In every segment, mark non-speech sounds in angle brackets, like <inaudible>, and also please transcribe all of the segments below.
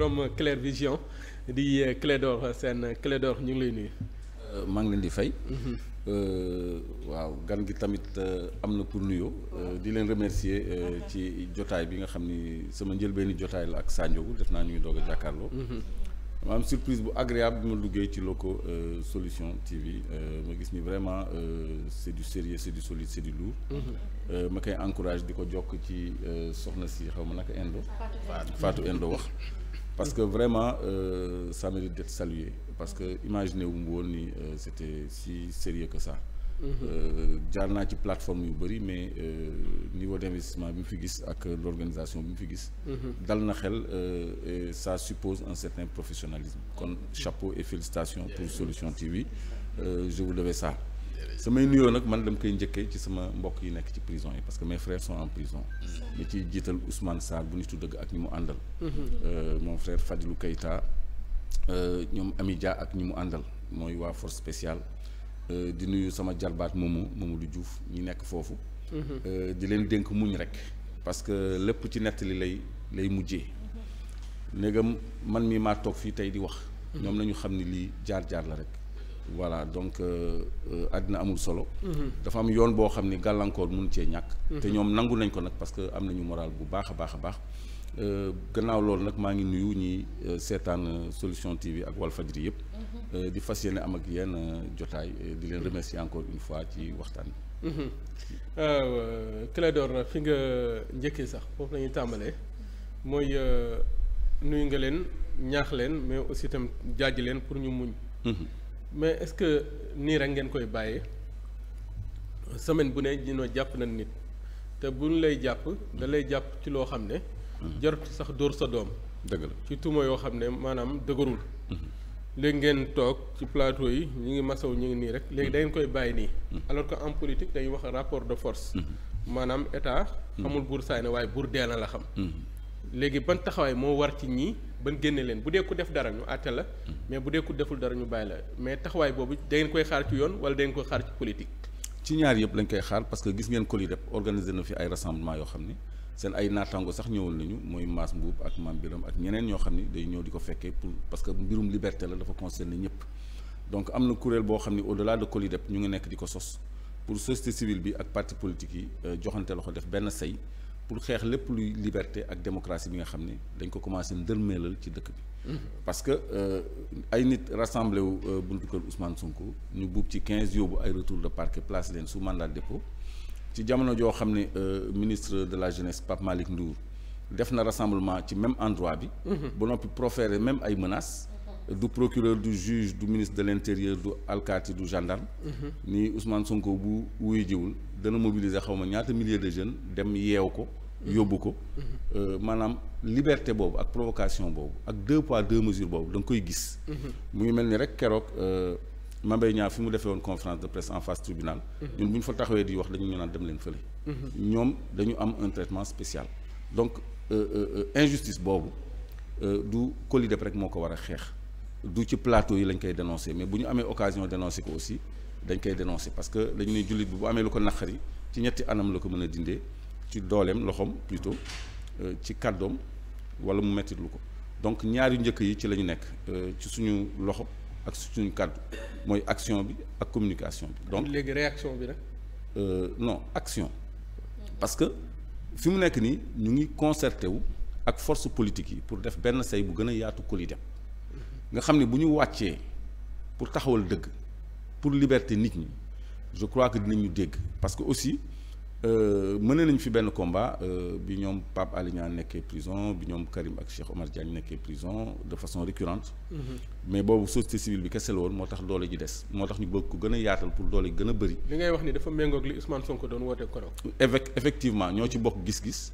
borom Clair Vision di euh, Clédor Sène Clédor ñu ngi lay nuyu. Euh, maa ngi leen di fay. Euh, waaw gan gi tamit am na pour nuyoo di leen remercier ci jotaay bi nga xam ni sama njëlbeeni jotaay la ak Sandiogou def naa ñuy doog a jàkkaarloo. Mm-hmm. ma am surprise bu agréable bi ma duggee ci locaux solution TV ma gis ni vraiment c' est du sérieux c' du solide c' du lourd. Mm-hmm. ma koy encourage di ko jokk ci soxna si xaw ma naka Indo. Fatou Indo wax. parce que vraiment euh, ça mérite d'être salué parce que imaginé wu mu woon ni euh, c'était si sérieux que ça mhm. euh, jaar naa ci plateforme yu bëri mais euh, niveau d'investissement bi mu fi gis ak l'organisation bi mu fi gis mhm. dal na xel euh, et ça suppose un certain professionnalisme kon chapeau et félicitations pour Solution TV euh, je vous devais ça samay nuyoo nag man dama koy njëkkee ci sama mbokk yi nekk ci prison yi parce que mes frères sont en prison. li mm-hmm. ciy jiital Ousmane Sarr bu nitu dëgg ak ñi mu àndal. Mm-hmm. Euh, mon frère Fadilou Keita euh, ñoom Amidia ak ñi mu àndal mooy waa force spéciale euh, di nuyu sama jarbaat moomu Mamadou juuf ñi nekk foofu. Mm-hmm. di leen dénk muñ rek parce que lépp ci nettali lay lay mujjee. ndegam man mii maa toog fii tey di wax. ñoom nañu xam ni lii jaar jaar la rek. voilà donc euh, euh, àddina amul solo. Mhm. dafa am yoon boo xam ni gàllankoor mun cee ñàkk. Mhm. te ñoom nangu nañ ko nag parce que am nañu moral bu baax a baax a baax. Euh, gannaaw loolu nag maa ngi nuyu ñi seetaan solution TV ak faj Walfadjri yëpp. Mhm. di fas yéene am ak yenn jotaay di leen remercier encore une fois ci waxtaan bi. Clédor fi nga njëkkee sax foofu la tàmbalee mooy nuyu nga leen ñaax leen mais aussi itam jaaj leen pour ñu muñ. mais est-ce que nii rek ngeen koy bàyyi semaine bu ne dina jàpp nañ nit te buñ lay jàpp da lay jàpp ci loo xam ne. jarut sax dóor sa doom. dëgg la ci tuuma yoo xam ne maanaam dëgërul. Mm-hmm. léegi ngeen toog ci plateau yi ñu ngi masaw ñu ngi nii rek léegi da ngeen koy bàyyi nii. Mm-hmm. alors que en politique dañuy wax rapport de force. Mm-hmm. maanaam état. xamul buur saay ne waaye buur dee na la xam. léegi ban taxawaay moo war ci ñii ban génne leen bu dee ku def dara ñu àtte la mais bu dee ku deful dara ñu bàyyi la mais taxawaay boobu da ngeen koy xaar ci yoon wala da ngeen koy xaar ci politique. ci ñaar yëpp lañ koy xaar parce que gis ngeen ko li def organiser na fi ay rassemblement yoo xam ne seen ay naataango sax ñëwal nañu mooy Mass Mbuub ak Mame Biram ak ñeneen ñoo xam ne day ñëw di ko fekkee pour parce que mbirum liberté la dafa concerné ñëpp donc am na kuréel boo xam ne au delà de COLIDEP ñu ngi nekk di ko sos pour société civile bi ak parti politique yi euh, joxante loxo def benn say pour xeex lépp luy liberté ak démocratie bi nga xam ne dañ ko commencé ndërmeelal ci dëkk bi. Mm-hmm. parce que euh, ay nit rassemblé wu euh, buntu kër Ousmane Sonko ñu buub ci quinze yóbbu ay retour de parquet place leen su mandat de dépôt ci jamono joo xam ne euh, ministre de la jeunesse Pape Malick Ndour def na rassemblement ci même endroit bi. Mm-hmm. ba noppi proférer même ay menaces. du procureur du juge du ministre de l'intérieur du alkaati du gendarme mhm. ni Ousmane Sonko bu wuy jiwul dana mobiliser xaw ma ñaata millier de jeunes dem yeew ko mhm. yóbbu ko mhm. euh, maanaam liberté boobu ak provocation boobu ak deux pois deux mesures boobu da nga koy gis mu ngi mel ni rek keroog euh, Mambay ñaar fi mu defee woon conférence de presse en face tribunal ñun bu ñu fa taxawee di wax dañu ñu naan dem leen fële ñoom dañu am un traitement spécial donc euh, injustice boobu du colli rek moo ko war a xeex du ci plateau yi lañ koy dénoncer mais bu ñu amee occasion dénoncer ko aussi dañ koy dénoncer parce que dañu ne jullit bi bu amee lu ko naqari ci ñetti anam la ko mën a dindee ci dooleem loxoom plutôt euh, ci kàddoom wala mu mettitlu ko donc ñaari njëkk yi ci lañu nekk euh, ci suñu loxo ak suñu kàddu mooy action bi ak communication bi. donc léegi réaction bi nag. Euh, non action parce que fi mu nekk nii ñu ngi concerté wu ak force politique yi pour def benn say bu gën a yaatu ko dem nga xam ne bu ñu wàccee pour taxawal dëgg pour liberté nit ñi je crois que ñu dégg parce que aussi euh, mëne nañu fi benn combat euh, bi ñoom Pape Alé Niang nekkee prison bi ñoom Karim ak Cheikh Omar Diagne nekkee prison de façon récurrente mm-hmm. mais boobu société civile bi kese la moo tax doole ji des moo tax ñu bëgg ko gën a yaatal pour doole ji gën a bëri li ngay wax ni dafa méngoog li Ousmane Sonko doon woote koroog effectivement ñoo ci bokk gis-gis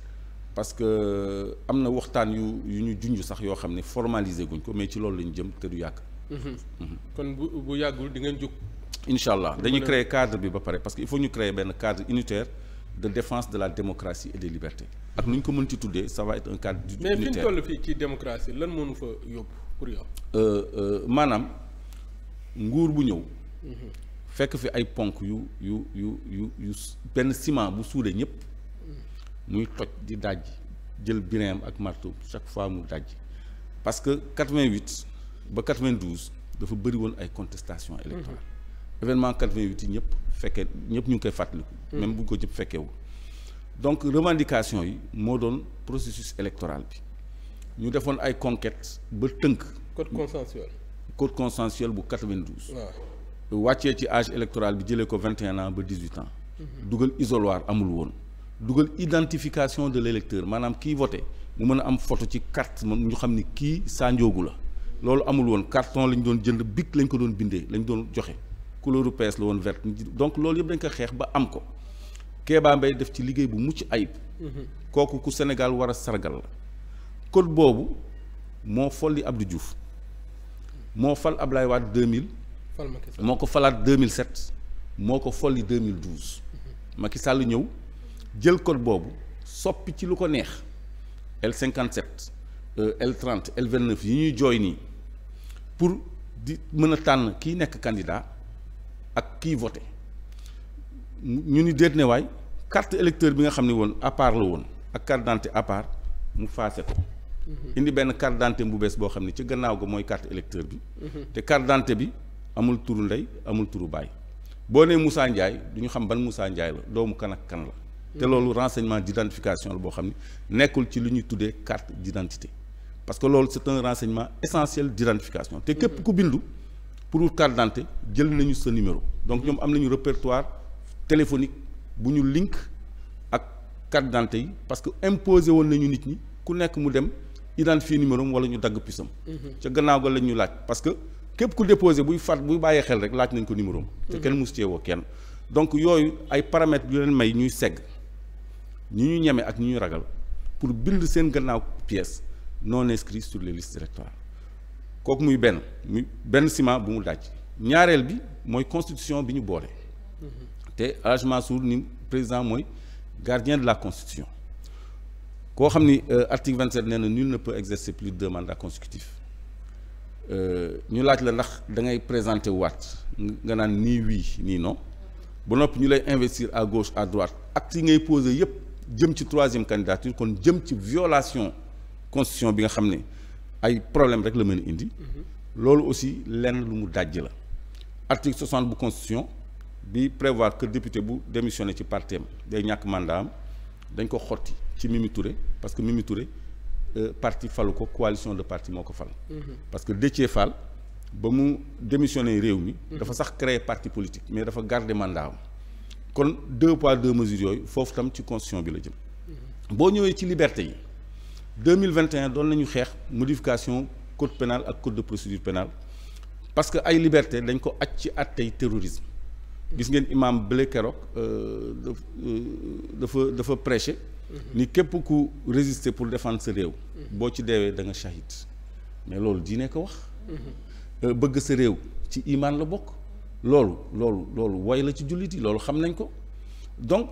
parce que euh, am na waxtaan yu yu ñu junj sax yoo xam ne formaliser guñ ko mais ci loolu ñu jëm te du yàgg. Mhm. Mhm. kon bu bu yàggul di ngeen jóg. incha allah dañuy créer cadre bi ba pare parce que il faut ñu créer benn cadre unitaire de défense de la démocratie et des libertés ak nu ñu ko mën ci tuddee ça va être un cadre. unitaire mais fi ñu toll fii ci démocratie lan moo fa yóbbu euh, euh, maanaam nguur bu ñëw. Mhm. fekk fi ay ponk yu yu yu yu benn ciment bu suudee ñëpp. muy toj di daj jël bireem ak marto chaque fois mu daj parce que 88 ba 92 dafa bëri woon ay contestation électorale mm-hmm. événement 88 yi ñëpp fekkee ñëpp ñu ngi koy fàttaliku. Mm-hmm. même bu ko ñëpp fekkeewul donc revendication yi moo doon processus électoral bi ñu defoon ay conquêtes ba tënk. code consensuel. code consensuel bu 92. waaw wàccee ci âge électoral bi jëlee ko 21 ans ba 18 ans. Mm-hmm. dugal isoloir amul woon. dugal identification de l'électeur maanaam kii voté mu mën a am photo ci carte moom ñu xam ni kii Sa la loolu amul woon carton lañ doon jënd bik lañ ko doon bindee lañ doon joxe couleur PS la woon verte donc loolu yëpp dañ ko xeex ba am ko Kéba Mbaye def ci liggéey bu mucc ayib mhm. kooku ku Sénégal war a sargal la code boobu moo folli Abdou juuf moo fal Ablaye Wade 2000 moo ko falaat 2007 moo ko folli 2012 mhm. Macky Sall ñëw jël code boobu soppi ci lu ko neex L cinquante sept L trente L vingt neuf yi ñuy jooy nii pour di mën a tànn kii nekk candidat ak kii voté ñu ni déet ne waay carte électeur bi nga xam ne woon à la woon ak carte d'identité à part mu faase ko mhm. indi benn carte d'identité bu bees boo xam ne ci gannaaw ga mooy carte électeur bi mhm. te carte d'identité bi amul turu ndey amul turu baay boo nee Moussa Ndiaye du ñu xam ban Moussa Ndiaye la doomu kan ak kan la te loolu renseignement d' identification la boo xam ne nekkul ci lu ñuy tuddee carte d' identité parce que loolu c' est un renseignement essentiel d' te képp ku bindu pour wut carte d' jël nañu sa numéro donc ñoom am nañu répertoire téléphonique bu ñu link ak carte dante yi parce que imposé woon nañu nit ñi ku nekk mu dem identifier numéro am wala ñu dagg pisam mhm. ca gannaaw ga lañ ñu laaj parce que képp ku déposé buy fat buy bàyyee xel rek laaj nañ ko numéro am te mhm. woo kenn donc yooyu ay paramètres yu may ñuy segg ñi ñu ñeme ak ñi ñu ragal pour bind seen gannaaw pièce non inscrit sur les listes électorales kooku muy benn muy benn ciment bu mu daj ñaareel bi mooy constitution bi ñu boole. te El Hadj ni président mooy gardien de la constitution koo xam ni euh, article vingt nee na nul ne peut exercer plus de deux mandats consécutifs euh, ñu laaj la ndax da ngay présenter waat nga naan nii oui nii non ba noppi ñu lay investir à gauche à droite ak yi ngay posé yépp jëm ci troisième candidature kon jëm ci violation constitution bi nga xam ne ay problème rek la mën indi mhm. loolu aussi lenn lu mu dàjj la article 60 bu constition bi prévoir que député bu démissionné ci partem day ñàkk mandat am dañ ko xotti ci Mimi Touré parce que Mimi Touré euh, parti falu ko coalition de parti moo ko fal mhm. parce que Déthié fal ba mu démissionné réew mi mhm. dafa sax créer parti politique mais dafa garder mandat am kon deux poids deux mesures yooyu foofu tam ci constitution bi la jëm boo ñëwee ci liberté yi 2021 doon nañu xeex modification code pénal ak code de procédure pénale parce que ay liberté dañ ko aj ci attey terrorisme gis ngeen imam Blé Keroog euh, euh, dafa dafa prêché ni képp ku résister pour défendre sa réew boo ci deewee da nga shahid mais loolu diine ko wax mhm. euh, bëgg sa réew ci imaan la bokk loolu loolu loolu woy la ci jullit yi loolu xam nañ ko donc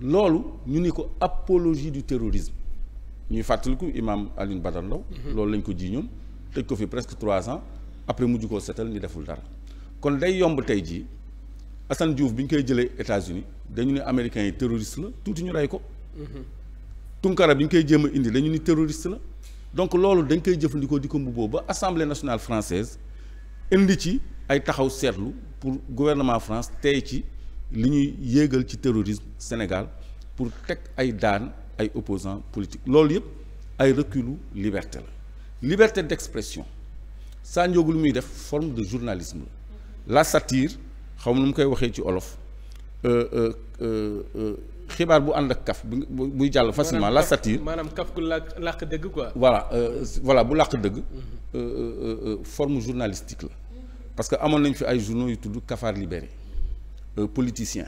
loolu ñu ni ko apologie du terrorisme ñuy fàttaliku imam Alioune Badara Ndao mhm. loolu lañ ko ji ñoom tëj ko fi presque trois ans après mujj koo setal ni deful dara kon day yomb tey jii assan Diouf bi ñu koy jëlee États-Unis dañu ne américains yi terroriste la tuuti ñu rey ko mhm. Tunkara bi ñu koy jéem a indi dañu ni terroriste la donc loolu dañ koy jëfandikoo di ko mbubboo ba assemblée nationale française indi ci ay taxaw seetlu pour gouvernement France tey ci li ñuy yéegal ci terrorisme Sénégal pour tek ay daan ay opposants politiques loolu yëpp ay reculu liberté la liberté d'expression Sandiogou lu muy def forme de journalisme la la satire xaw ma nu mu koy waxee ci olof euh, euh, euh, xibaar bu ànd ak kaf bu buy jàll facilement la satire maanaam kaf ku làq dëgg quoi. voilà voilà bu làq dëgg. forme journalistique la. parce que amoon nañ fi ay journaux yu tudd Cafard Libéré euh, politicien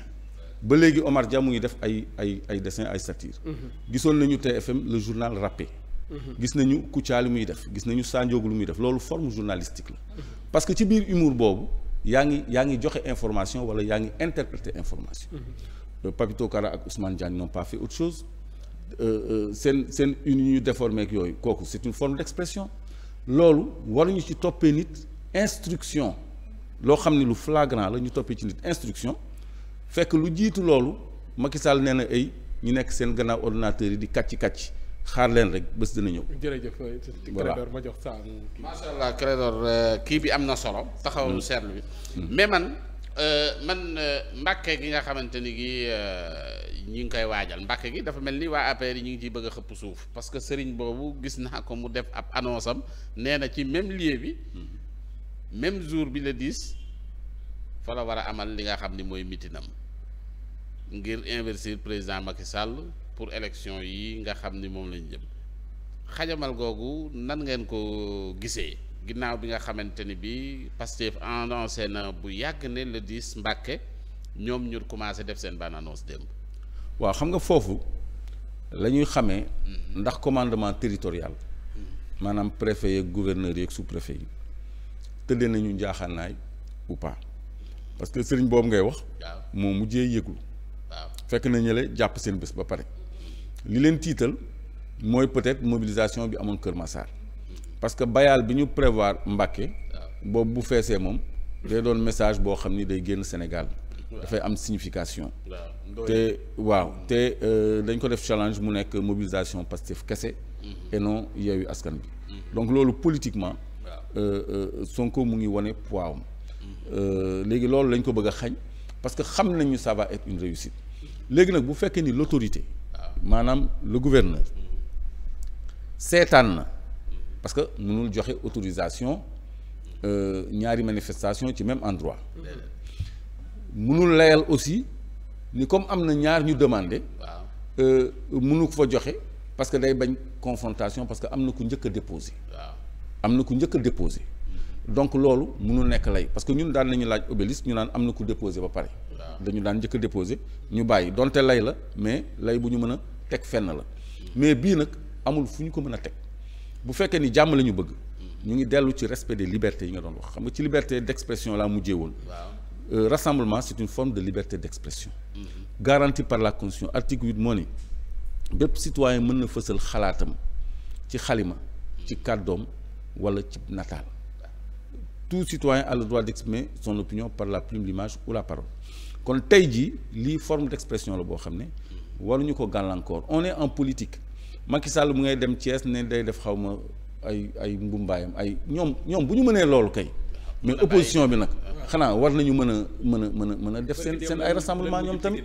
ba léegi Omar Dia mu ngi def ay ay ay dessin ay satire mm-hmm. gisoon nañu TFM le journal Rappé mm-hmm. gis nañu Kouthia lu muy def gis nañu Sandiogou lu muy def loolu forme journalistique la mm-hmm. parce que ci biir humour boobu yaa ngi yaa ngi joxe information wala yaa ngi interpréter information euh, Papito Kara ak Ousmane Diagne n'ont pas fait autre chose euh, seen seen une ñu déformé ak yooyu kooku c'est une forme d'expression loolu waruñu ci toppee nit instruction loo xam ne lu flagrant la ñu toppee ci nit instruction fekk lu jiitu loolu Macky Sall nee na ay ñu nekk seen gannaaw ordinateur yi di kàcci kàcci xaar leen rek bés dina ñëw. jërëjëf euh, Clédor ma jox saa. Euh, macha allah euh, kii bi am na solo. taxawu hmm. seetlu bi. Hmm. mais man man mbàkke gi nga xamante ni gi ñu ngi koy waajal mbàkke gi dafa mel ni waa APR yi ñu ngi ciy bëgg a xëpp suuf parce que sëriñ boobu gis naa ko mu def ab annonce am nee na ci même lieu bi. Hmm. même jour bi la 10 fa la war a amal li nga xam ni mooy mitinam ngir investir président Macky sàll pour élection yi nga xam ni moom lañ jëm xajamal googu nan ngeen ko gisee ginnaaw bi nga xamante ni bi Pastef annoncé na bu yàgg ne le 10 Mbàkke ñoom ñu commencé def seen ban démb. waaw xam nga foofu la ñuy xamee. Mm-hmm. ndax commandement territorial. Mm-hmm. maanaam préfet yeeg gouverneur yeeg sous préfet yi. tëddee nañu njaaxaanaay ou pas parce que sëriñ boobu ngay wax. moo mujjee yëglu. fekk na ñële jàpp seen bés ba pare. li leen tiital mooy peut-être mobilisation bi amoon Kër Massar. parce que bayaal bi ñu prévoir Mbàkke boobu bu feesee moom. day doon message boo xam ni day génn Sénégal. dafay am signification. te waaw te euh, dañ ko def challenge mu nekk mobilisation Pastef kese. Mhm. et non Askan bi mhm. donc loolu politiquement. Euh, euh, Sonko mu ngi wane poids am euh, léegi loolu lañ ko bëgg a xañ parce que xam nañu ça va être une réussite léegi nag bu fekkee ni l'autorité maanaam lu gouverneur seetaan na parce que mënul joxe autorisation ñaari manifestation ci même endroit mënul layal aussi ni comme am na ñaar ñu demandé munu ko fa joxe parce que day bañ confrontation parce que am na ku njëkk a déposé waaw am na ku njëkk a déposé donc loolu mënul nekk lay parce que ñun daan nañu laaj obélisque ñu naan am na ku déposé ba pare. dañu daan njëkk a déposé ñu bàyyi donte lay la mais lay bu ñu mën a teg fenn la mais bii nag amul fu ñu ko mën a teg bu fekkee ni jàmm la ñu bëgg. ñu ngi dellu ci respect des libertés yi nga doon wax xam nga ci liberté d'expression laa mujjee woon. Euh, rassemblement c'est une forme de liberté d'expression. Mm-hmm. garanti par la constitution article huit moo ne bépp mën na fësal xalaatam ci xalima ci kàddoom. wala cib nataal tout citoyen a de droit d'exprimer son opinion par la plume l'image ou la parole kon tey jii lii forme d'expression la boo xam ne waruñu ko gàllankoor on ne en politique Macky Sall bu ngay dem Thiès ne day def xaw ma ay ay mbumbaayam ay ñoom ñoom bu ñu mënee loolu kay mais opposition bi nag xanaa war nañu mën a mën a mën a mën a def seen seen ay rassemblement ñoom tamit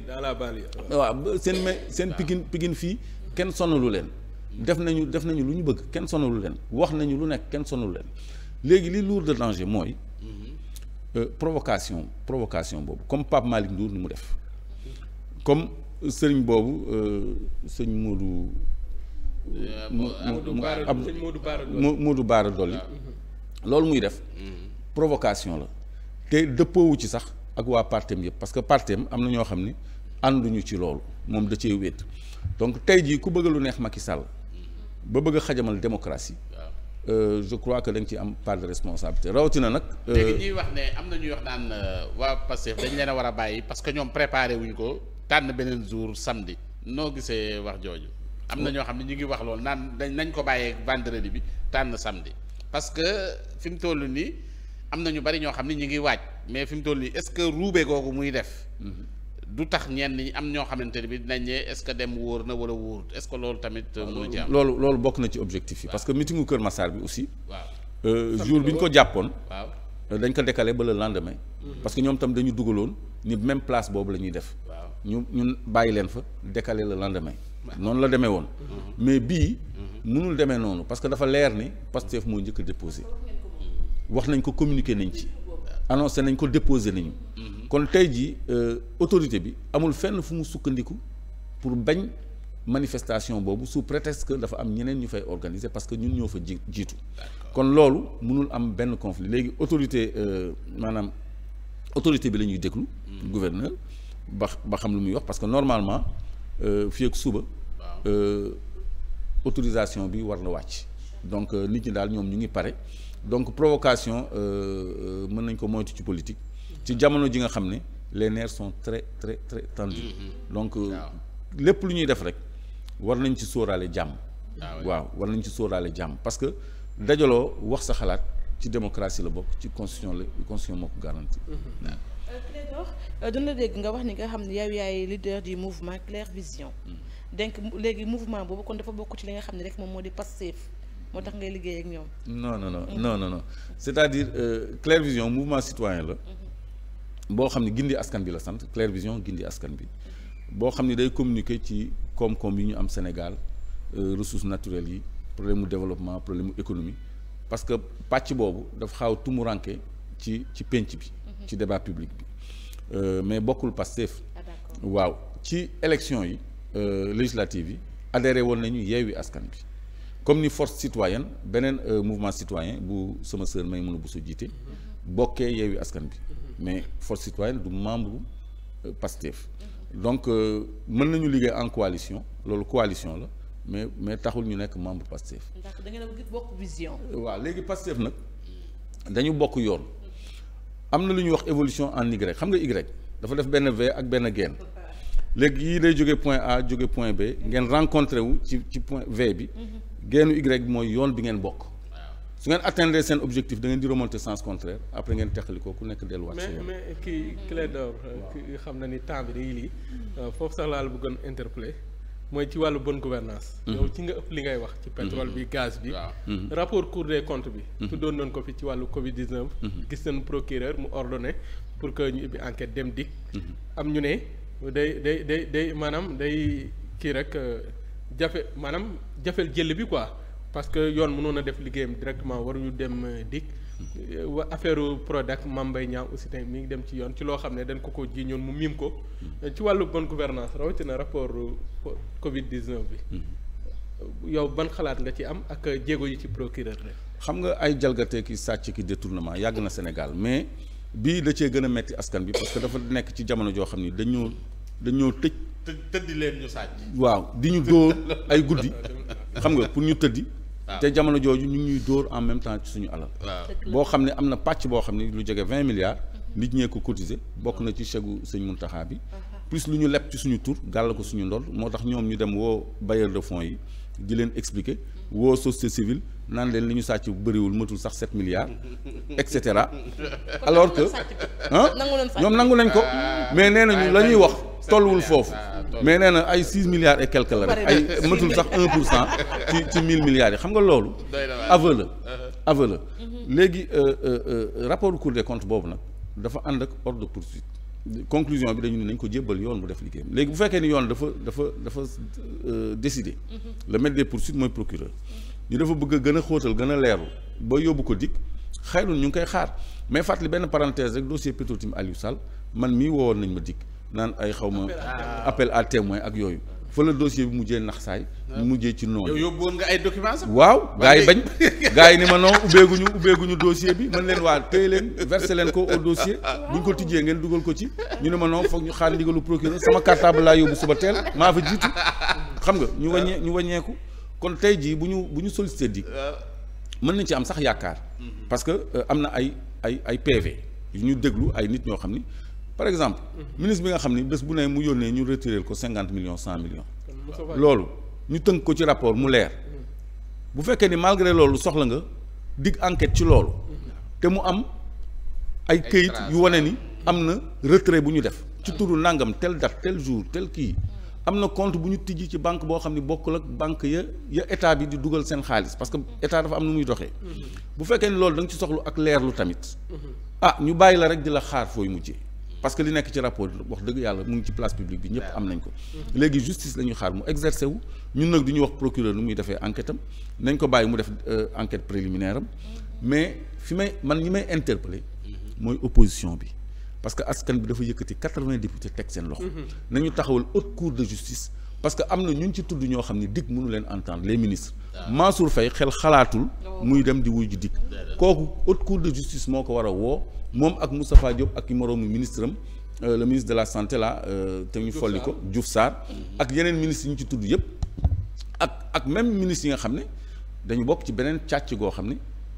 waaw seen mais seen ah. Pikine Pikine fii kenn sonnalu leen def nañu def nañu lu ñu bëgg kenn sonalu leen wax nañu lu nekk kenn sonalu leen léegi li lourd de danger mooy mm-hmm. euh, provocation provocation boobu comme Pape Malick Ndour ni mu def comme sëriñ boobu euh, sëñ Modou. du Baara Dolli loolu muy def mm-hmm. provocation la te dëppoowu ci sax ak waa partem yëpp parce que partem am na ñoo xam ni ànduñu ci loolu moom da cee wéet donc tey jii ku bëgg lu neex Macky Sall ba bëgg a xajamal démocratie. Euh, je crois que dañ nga ciy am part de responsabilité rawatina nag. Euh, léegi ñuy wax ne am na ñuy wax naan euh, waa Pastef dañ leen a war a bàyyi parce que ñoom préparé wuñ ko tànn beneen jour samedi noo gisee wax jooju. am na ñoo xam ne ñu ngi wax loolu naan dañ nañ ko bàyyee vendredi bi tànn samedi parce que fi mu toll nii am na ñu bari ñoo xam ne ñu ngi waaj mais fi mu toll nii est-ce que ruube googu muy def. Mhm. du tax ñenn ñi am ñoo xamante ne bi dinañ ne est-ce que dem wóor na wala wóor est loolu tamit. Euh, ah, mënu ci loolu loolu bokk na ci objectif yi. parce que meetingu Kër Massar bi aussi. waaw euh, jour bi ñu ko jàppoon. waaw euh, dañ ko décalé ba le lendemain. Mhm. parce que ñoom tam dañu dugaloon ni même place boobu la ñuy def. ñu ñun bàyyi leen fa décalé la lendemain. noonu la demee woon. Mhm. mais bii. Mhm. mënul demee noonu parce que dafa leer ni Pastef moo njëkk a déposé. wax nañ ko communiqué nañ ci. annoncé nañ ko déposé nañu. Mhm. kon tey jii euh, autorité bi amul fenn fu mu sukkandiku pour bañ manifestation boobu su prétexte que dafa am ñeneen ñu fay organiser parce que ñun ñoo fa ji jiitu. kon loolu mënul am benn conflit léegi autorité euh, maanaam autorité bi la ñuy déglu. Mhm. gouverneur ba ba xam lu muy wax parce que normalement euh, fii ak suba. autorisation bi war na wàcc. donc nit ñi daal ñoom ñu ngi pare. donc provocation euh, euh, mën nañ ko moytu ci politique ci jamono ji nga xam ne les nerfs son tres très très tendus mm-hmm. donc euh, lépp lu ñuy def rek war nañ ci sooraale jàmm ah waaw war nañ ci sóoraale jàmm parce que dajaloo wax sa xalaat ci démocratie la bokk ci constitution la constitution moo ko garantie mm-hmm. Clédor dina dégg nga wax ni nga xam ne yow yaay leader du mouvement Claire Vision mm. donc léegi mouvement boobu kon dafa bokk ci li nga xam ne rek moom moo di Pastef moo tax ngay liggéey ak ñoom. non non non mm-hmm. non non non c'est-à-dire euh, Claire Vision mouvement citoyen la. Mm-hmm. boo xam ne gindi askan bi la sant Claire Vision gindi askan bi boo xam ne day communiquer ci koom-koom yi ñu am Sénégal euh, ressources naturelles yi problème mu développement problème mu économie parce que pàcc boobu dafa xaaw tumuranke ci ci penc bi. Mm-hmm. ci débat public bi euh, mais bokkul Pastef. Ah, waaw ci élection yi législative yi adhéré woon nañu Yewwi Askan Wi. comme ni force citoyenne beneen euh, mouvement citoyen bu sama sœur may mën bu busu jiite bokkee yeewi askan bi mais force citoyenne du membre euh, Pastef donc euh, mën nañu liggéey en coalition loolu coalition la mais mais taxul ñu nekk membre Pastef. ndax da bokk vision. waaw léegi Pastef nag dañu bokk yoon am na lu ñuy wax évolution en Y xam nga Y dafa def benn V ak benn genn léegi yii day jóge point A jóge point B ngeen rencontré wu ci ci point V bi mhm. génnu Y bi mooy yoon bi ngeen bokk su ngeen atteindre seen objectif da ngeen di remonter sens contraire après ngeen teqali ko ku nekk delluwaat. mais mais kii Clédor ki xam na ni temps bi lii euh, foofu sax laa la bëggoon interpeller mooy ci wàllu bonne gouvernance mhm. yow ci nga ëpp li ngay wax ci pétrole mhm. bi gaz bi rapport Cour des comptes bi tuddoon nañ ko fi ci wàllu Covid 19. gis nañ procureur mu ordonné pour que ñu ubbi enquête dem dik am ñu ne day day day day maanaam day kii rek euh, jafe maanaam jafel jël bi quoi parce que yoon mënoon a def liggéeyam directement waruñu dem euh, dikk euh, wa affaire Prodac Mame Mbaye Niang aussi tamit mi ngi dem ci yoon ci loo xam ne dañ ko ko ji mu miim ko hmm. ci wàllu bonne gouvernance rapport Covid 19 bi. Hmm. yow ban xalaat nga ci am ak jéego yi ci procureur la. xam nga ay jalgatee ki sàcc ki détournement yàgg na Sénégal mais bii da cee gën a metti askan bi parce que dafa nekk ci jamono joo xam ni dañoo dañoo tëj. të tëddi leen ñu sàcc. waaw di ñu dóor ay guddi xam nga pour ñu tëddi. te jamono jooju ñu ngi ñuy dóor en même temps ci suñu alal. boo xam ne am na pàcc boo xam ne lu jege vingt milliards. Mhm. nit ñee ko cotiser bokk na ci chegu sëñ Muntaxa bi. Mhm. plus lu ñu leb ci suñu tur gàll ko suñu ndol moo tax ñoom ñu dem woo bailleur de fonds yi di leen expliquer mhm. woo société civile naan leen li ñu sàcc bu bëriwul matul sax sept milliards <laughs> et cetera alors que ah ñoom nangu nañ ko ah. mais nee nañu ah, la ñuy wax tolluwul foofu ah, mais nee na ay six milliards et quelque la rek ay matul sax un pour cent ci ci milliards yi xam nga loolu aveu la uh-huh. mhm. léegi euh, euh, euh, rapport Cour des comptes boobu nag dafa ànd ak ordre de poursuite conclusion bi dañu ne nañ ko jébbal yoon bu def liggéeyam léegi bu fekkee ni yoon dafa dafa dafa la mhm. le maître des poursuites mooy procureur ñu dafa bëgg gën a xóotal gën a leeru ba yóbbu ko dikk xayrun ñu ngi koy xaar mais fàttali benn parenthèse rek dossier Petro-Tim Aliou Sall man mii woowoon nañ ma dikk naan ay xaw ma appel à témoin ak yooyu fa la dossier bi mujjee nax saay ah. mujjee ci noonu. yow yóbbuwoon nga ay documents waaw gars yi bañ <laughs> gars yi ni ma non ubbeeguñu ubbeeguñu dossier bi mën leen waa tey leen versé leen ko au dossier buñ ko tijjee ngeen dugal ko ci ñu ne ma non foog ñu xaar ndigalu procureur sama cartable laa yóbbu suba teel maa fa jiitu xam nga ñu wàññee ñu wàññeeku kon tey jii bu ñu bu ñu sollicité di ah. mën nañ ci am sax yaakaar mm-hmm. parce que euh, am na ay ay ay PV yu ñu déglu ay nit ñoo xam ni par exemple. ministre bi nga xam ni bés bu nee mu yónnee ñu retiré ko cinquante millions cent millions. loolu ñu tënk ko ci rapport mu leer. bu fekkee ni malgré loolu soxla nga dig enquête ci loolu. te mu am ay këyit yu wane ni am na retrait bu ñu def. ci turu nangam tel date tel jour tel kii. am na compte bu ñu tijji ci banque boo xam ne bokkul ak banque ya ya état bi di dugal seen xaalis parce que état dafa am nu muy doxee. Mm-hmm. bu fekkee ni loolu danga ci soxlu ak leerlu tamit. Mm-hmm. ah ñu bàyyi la rek di la xaar fooy mujjee. parce que li nekk ci rapport bi wax dëgg yàlla mu ngi ci place publique bi ñëpp am nañ ko mm-hmm. léegi justice la ñu xaar mu exercer wu ñun nag du ñu wax procureur nu muy defee enquête am nañ ko bàyyi mu def euh, enquête préliminaire mm-hmm. mais fi may man ñi may interpeller mooy opposition bi parce que askan bi dafa yëkkati quatre-vingts députés teg seen loxo mm-hmm. nañu taxawal haute cour de justice parce que am na ñun ci tudd ñoo xam ne dig mënu leen entendre les ministres ah. Mansour Faye xel xalaatul oh. muy dem di wuy ji kooku haute cour de justice moo ko war a woo moom ak Moustapha Diop ak i moroomu ministre am euh, le ministre de la santé là euh, te ñu folli ko Diouf Sarr mm-hmm. ak yeneen ministre yi ñu ci tudd yëpp ak ak même ministres yi nga xam ne dañu bokk ci beneen càcc goo xam ne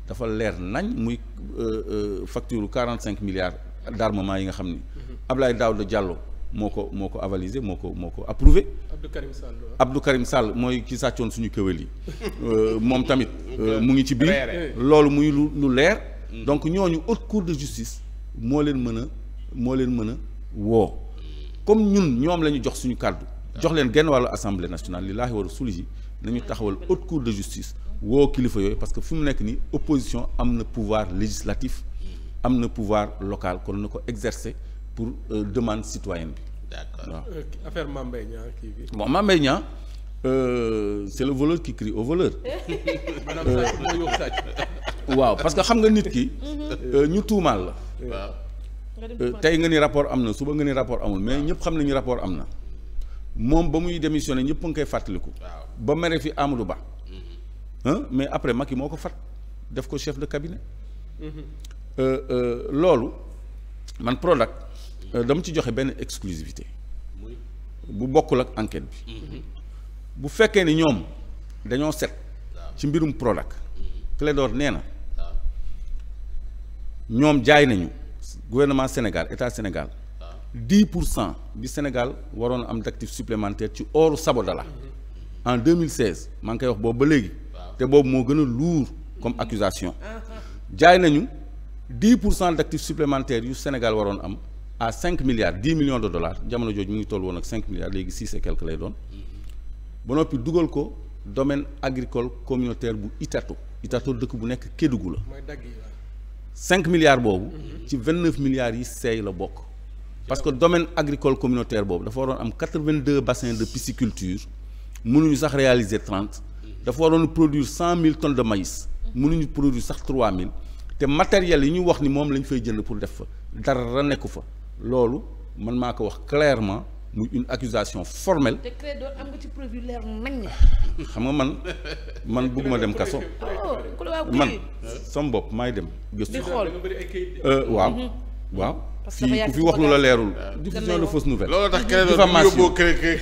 dafa leer nañ muy euh, facture quarante cinq milliards d'armement yi nga xam ne mm-hmm. Abdoulaye Daouda Diallo moo ko moo ko avalisé moo ko moo ko approuver Abdou Karim Sall Abdou Sall mooy ki sàccoon suñu kéwél yi euh, moom tamit. Euh, mu ngi ci biir loolu muy lu lu leer. Mm. donc ñooñu haute cour de justice moo leen mën a moo leen mën a woo comme ñun ñoom la ñu jox suñu kàddu. Ah. jox leen genn wàllu assemblée nationale lillaahi wa rasuulihi nañu taxawal haute cour de justice woo kilifa yooyu parce que fi mu nekk ni opposition am na pouvoir législatif mm. am na pouvoir local kon na ko exercer. pour euh, demande citoyenne bi. d'accord euh, affaire Mame Mbaye kii bi. bon Mame Mbaye Niang euh, c'est le voleur qui crie voleur. <laughs> waaw parce que xam nga nit ki. Mhm. ñu tuumaal la. waaw. tey nga ni rapport am na suba nga ni rapport amul mais ñëpp xam nañu rapport am na moom ba muy démissionné ñëpp nga ngi koy fàttaliku. ba mere fi Amadou Ba. Mhm. mais après Macky moo ko fat def ko chef de cabinet. Mhm. loolu man Prodac. Euh, dama ci joxe benn exclusivité bu bokkul ak enquete bi mhm. bu fekkee ni ñoom dañoo set ci mbirum Prodac mhm. Clédor nee na ñoom jaay nañu gouvernement Sénégal état Sénégal dix pour cent bi Sénégal waroon am d'actifs supplémentaires ci ooru Sabodala mhm. en 2016 maa ngi koy wax boobu ba léegi te boobu moo gën a lourd comme accusation <laughs> jaay nañu dix pour cent d'actifs supplémentaires yu Sénégal waroon am à cinq milliards dix millions de dollars jamono jooju mu ngi toll woon ak cinq milliards léegi six et lay doon ba noppi dugal ko domaine agricole communautaire bu Itato Itato dëkk bu nekk Kédougou la. mooy dagg cinq milliards boobu. Mhm. ci vingt neuf milliards yi seey la bokk. parce que domaine agricole communautaire boobu dafa waroon am quatre vingt deux de pisciculture mënuñu sax réaliser trente. dafa waroon produire cent mille tonnes de maïs. mënuñu produire sax trois mille te matériels yi ñu wax ni moom lañ fay jënd pour def fa dara nekku fa. loolu man maa ko wax clairement mu une accusation formelle. am nga ci preuve yu leer nañ xam nga man man bëgguma dem kaso. Oh, man sama bopp maay dem. gëstu di xool euh, waaw. Mhm. waaw fii ku fi wax lu la leerul. Ah. diffusion de fausse nouvelle. looloo tax diffamation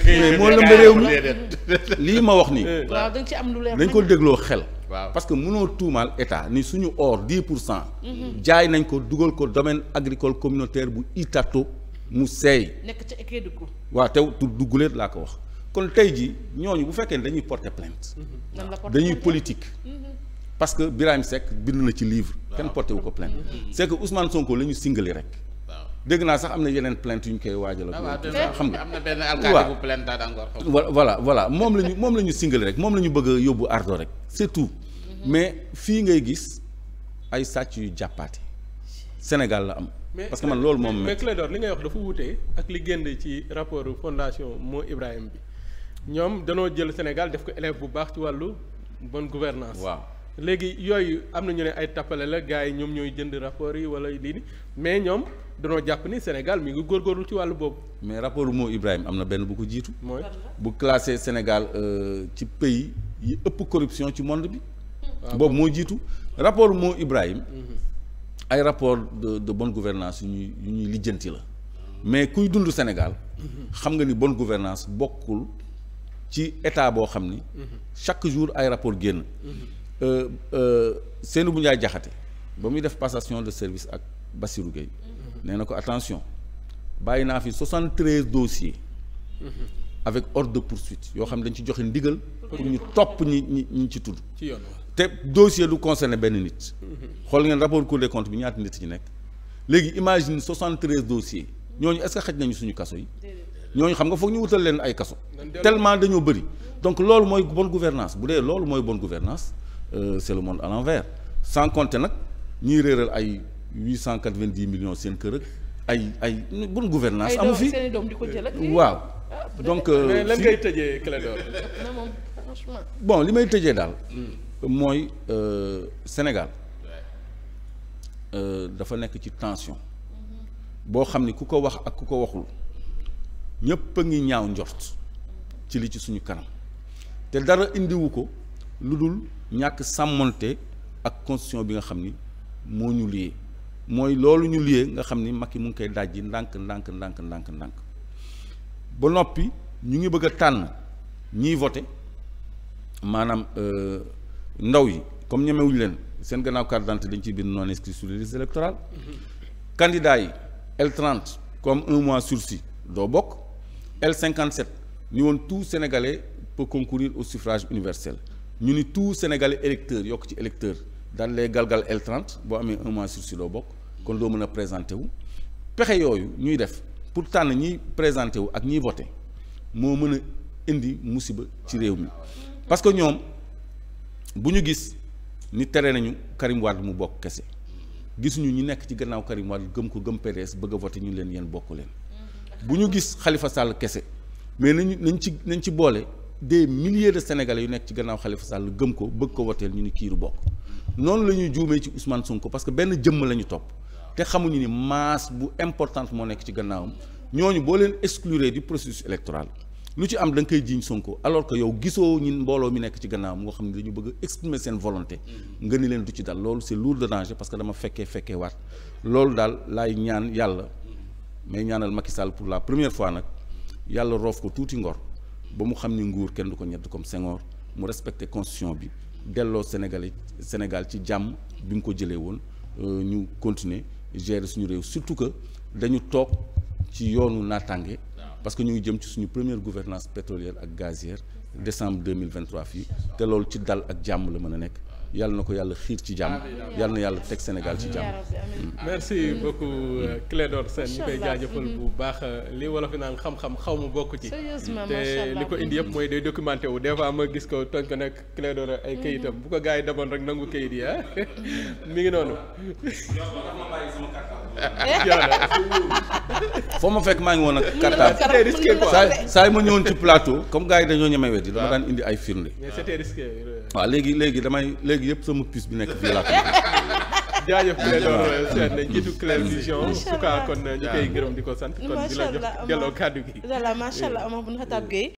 mais moo lëmb réew mi lii ma wax nii. waaw dañ ci am lu leer nañ ko dégloo xel. waaw parce que mënoo tuumaal état ni suñu or 10 pour cent. jaay nañ ko dugal ko domaine agricole communautaire bu Itato mu seey. nekk ca Kédougou. waaw te du dugguleet laa ko wax kon tey ji ñooñu bu fekkee ne dañuy porter plainte. Mhm. dañuy politique. Mhm. parce que Birahim Seck bind na ci livre. kenn porté wu ko plainte. Mhm. c'est que Ousmane Sonko la ñu singali rek. dégg naa sax am na yeneen plainte yu ñu koy waajal. Ah, xam nga am na benn alkaati bu plainte encore. moom la ñu moom la ñu singali rek moom la ñu bëgg a yóbbu ardo rek c'est tout. mais fii ngay gis ay sàcc yu jàppaate Sénégal la am. parce que man loolu moom. mais Clédor li ngay wax dafa wuute ak li génn ci rapport fondation Mo Ibrahim bi ñoom danoo jël Sénégal def ko élève bu baax ci wàllu bonne gouvernance waaw léegi yooyu am na ñu ne ay tappale la gars yi ñoom ñooy jënd rapport yi wala lii nii mais ñoom danoo jàpp ni Sénégal mi ngi góorgóorlu ci wàllu boobu. mais rapport Mo Ibrahim am na benn bu ko jiitu. mooy bu classé Sénégal euh, ci pays yi ëpp corruption ci monde bi. Ah, boobu moo jiitu rapport moo Ibrahim ay rapport de de bonne gouvernance yu ñuy lijjanti la mais kuy dund Sénégal xam nga ni bon gouvernance bokkul ci état boo xam ni chaque jour ay rapport génn euh, euh, Seynabou Ndiaye Diakhaté ba muy def passation de service ak Bassirou Gueye nee na ko attention bàyyi naa fi 73 dossiers avec ordre de poursuite yoo xam ne dañ ci joxe ndigal pour ñu topp ñi ñi ñi ci tudd te dossier du concerné benn nit. xool ngeen rapport cour des comptes bi ñaata nit ci nekk. léegi imagine 73 dossiers ñooñu est-ce que xaj nañu suñu kaso yi. ñooñu xam nga foog ñu wutal leen ay kaso. tellement dañoo bari donc loolu mooy bonne gouvernance bu dee loolu mooy bonne gouvernance euh, c'est le monde à l'envers sans compter nag ñiy réeral ay 890 millions seen kër ak ay ay bonne gouvernance amu fi waaw ah, donc. Euh, mais ngay tëjee Clédor bon li may tëjee daal. Hmm. mooy euh, Sénégal euh, dafa nekk ci tension boo xam ni ku ko wax ak ku ko waxul ñëpp a ngi ñaaw njort ci li ci suñu kanam te dara indiwu ko lu dul ñàkk sàmmoonte ak constitution bi nga xam ni moo ñu liyee mooy loolu ñu liyee nga xam ni mag yi mu ngi koy dajji ndànk ndànk ndànk ndànk ndànk ba noppi ñu ngi bëgg a tànn ñiy voté maanaam. Euh, ndaw yi comme ñemewuñu leen seen gannaaw carte d'identité dañ ciy bind non inscrit sur yi L30 comme un mois sursis doo bokk L57 ni woon tout sénégalais peut concourir au suffrage universel ñu ni tout sénégalais électeur yokk ci électeur daal lay galgal L30 boo amee un mois sursis doo bokk kon doo mën a présenté wu pexe yooyu ñuy def pour tànn ñiy présenté wu ak ñiy voté moo mën a indi musiba ci réew mi parce ñoom bu ñu gis ni tere nañu Karim Wade mu bokk kese gisuñu ñu nekk ci gannaaw Karim Wade gëm ko gëm PDS bëgg a voté ñu leen yeen bokk leen bu ñu gis xalifa sàll kese mais nañu nañ ci nañ ci boole des milliers de sénégalais yu nekk ci gannaaw Khalifa sàll gëm ko bëgg ko woteel ñu ni kiiru bokk noonu la ñuy juumee ci Ousmane Sonko parce que benn jëmm lañu ñu topp te xamuñu ni masse bu importante moo nekk ci gannaawam ñooñu boo leen exclure du processus électoral lu ci am danga nga koy jiiñ Sonko alors que yow gisoo ñin mbooloo mi nekk ci gannaaw mu nga xam ne dañu bëgg exprimer seen volonté mm-hmm. nga ni leen du ci dal loolu c'est lourd de danger parce que dama fekkee fekkee waat loolu daal lay ñaan yàlla mm-hmm. mais ñaanal Macky Sall pour la première fois nag yàlla roof ko tuuti ngor ba mu xam ni nguur kenn du ko ñett comme Senghor mu respecté constitution bi delloo Sénégal Sénégal ci jàmm bi mu ko jëlee woon euh, ñu continuer gérer suñu réew surtout que dañu toog ci yoonu naataange parce que ñu ngi jëm ci suñu première gouvernance pétrolière ak gazière décembre deux mille vingt trois fii te loolu ci dal ak jàmm la mën a nekk yàlla na ko yàlla xiir ci jàmm yàlla na yàlla teg Sénégal ci jàmm. Mm. merci beaucoup euh, mm. Clédor Sène ñu koy jaajëfal bu mm-hmm. baax euh, li wolof fi naan xam-xam xaw ma bokk ci. te li ko indi yëpp mooy day documenté wu des fois ma gis ko tooñ ko nag Clédor ay kayitam mm-hmm. bu ko gars yi daboon rek nangu kayit yi ah <laughs> mi ngi noonu. <laughs> <laughs> <laughs> foo ma fekk maa ngi woon a kartaab saa saa yi ma ñëwoon ci plateau comme gaa yi dañoo ñemee weddi dama daan indi ay firnde waa léegi léegi damay léegi yëpp sama puce bi nekk fii laa jaajëf Clédor euh, seen njiitu Clair Vision su ko kon euh, ñu koy di ko sant kon di la jox delloo kàddu gi